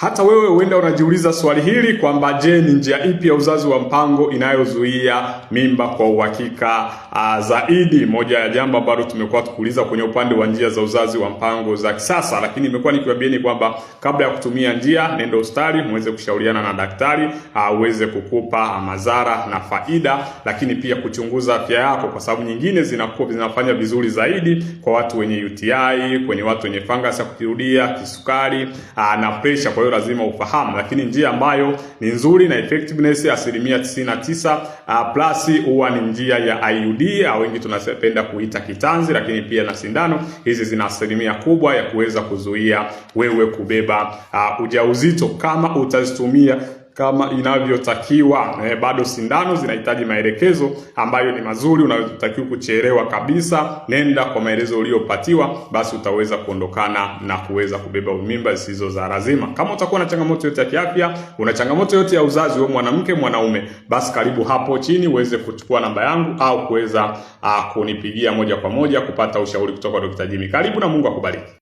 Hata wewe huenda unajiuliza swali hili kwamba je, ni njia ipi ya uzazi wa mpango inayozuia mimba kwa uhakika ah, zaidi? Moja ya jambo ambalo tumekuwa tukiuliza kwenye upande wa njia za uzazi wa mpango za kisasa, lakini nimekuwa nikiwaambieni kwamba kabla ya kutumia njia, nenda hospitali muweze kushauriana na daktari aweze ah, kukupa madhara na faida, lakini pia kuchunguza afya yako, kwa sababu nyingine zinakuwa zinafanya vizuri zaidi kwa watu wenye UTI, kwenye watu wenye fungus ya kujirudia, kisukari ah, na pressure hiyo lazima ufahamu, lakini njia ambayo ni nzuri na effectiveness asilimia 99 ah, plus huwa ni njia ya IUD au ah, wengi tunapenda kuita kitanzi, lakini pia na sindano hizi zina asilimia kubwa ya kuweza kuzuia wewe kubeba uh, ujauzito kama utazitumia kama inavyotakiwa. E, bado sindano zinahitaji maelekezo ambayo ni mazuri, unayotakiwa kuchelewa kabisa. Nenda kwa maelezo uliyopatiwa, basi utaweza kuondokana na kuweza kubeba mimba zisizo za lazima. Kama utakuwa na changamoto yote ya kiafya, una changamoto yote ya uzazi, wewe mwanamke, mwanaume, basi karibu hapo chini uweze kuchukua namba yangu au kuweza ah, kunipigia moja kwa moja kupata ushauri kutoka kwa Dr. Jimmy. Karibu na Mungu akubariki.